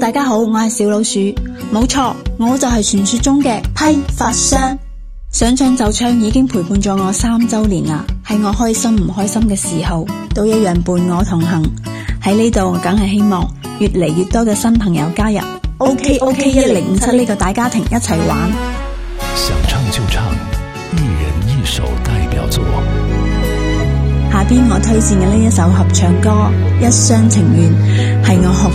大家好，我係小老鼠，冇錯，我就係傳說中嘅批發商。想唱就唱已經陪伴咗我三周年啦，喺我開心唔開心嘅時候，都一樣伴我同行。喺呢度，我梗係希望越嚟越多嘅新朋友加入，OK OK，一零五七呢個大家庭一齊玩。想唱就唱，一人一首代表作。下邊我推薦嘅呢一首合唱歌《一廂情願》。